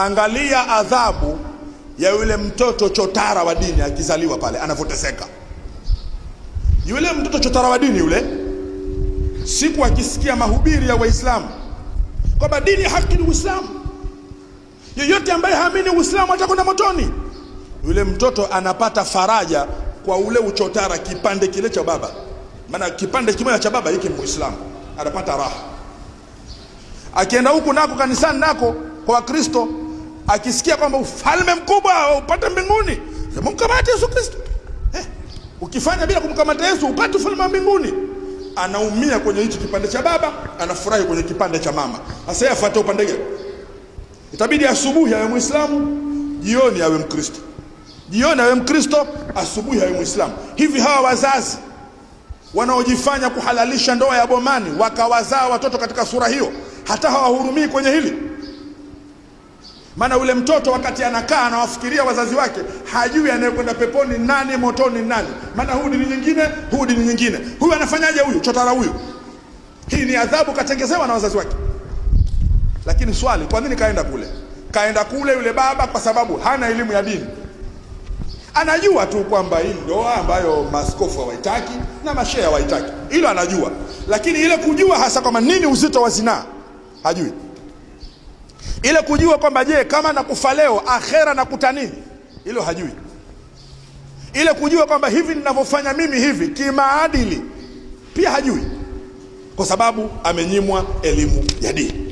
Angalia adhabu ya yule mtoto chotara wa dini akizaliwa pale anavyoteseka. Yule mtoto chotara wa dini yule, siku akisikia mahubiri ya Waislamu kwamba dini haki ni Uislamu, yeyote ambaye haamini Uislamu atakwenda motoni, yule mtoto anapata faraja kwa ule uchotara, kipande kile cha baba, maana kipande kimoja cha baba hiki Muislamu anapata raha, akienda huku nako kanisani nako kwa Wakristo akisikia kwamba ufalme mkubwa upate mbinguni, mkamate Yesu Kristo eh. Ukifanya bila kumkamata Yesu upate ufalme wa mbinguni. Anaumia kwenye hicho kipande cha baba, anafurahi kwenye kipande cha mama. Sasa yeye afuate upande gani? Itabidi asubuhi awe Muislamu, jioni awe Mkristo, jioni awe Mkristo, asubuhi awe Muislamu. Hivi hawa wazazi wanaojifanya kuhalalisha ndoa ya bomani wakawazaa watoto katika sura hiyo, hata hawahurumii kwenye hili. Maana yule mtoto wakati anakaa anawafikiria wazazi wake, hajui anayekwenda peponi nani, motoni nani. Maana huu dini nyingine, huu dini nyingine, huyu anafanyaje, huyu chotara, huyu. Hii ni adhabu katengezewa na wazazi wake. Lakini swali, kwa nini kaenda kule? Kaenda kule yule baba kwa sababu hana elimu ya dini. Anajua tu kwamba hii ndoa ambayo maskofu hawaitaki na mashehe hawaitaki, hilo anajua, lakini ile kujua hasa kwamba nini uzito wa zinaa hajui. Ile kujua kwamba je, kama nakufa leo akhera nakuta nini, ilo hajui. Ile kujua kwamba hivi ninavyofanya mimi hivi kimaadili, pia hajui, kwa sababu amenyimwa elimu ya dini.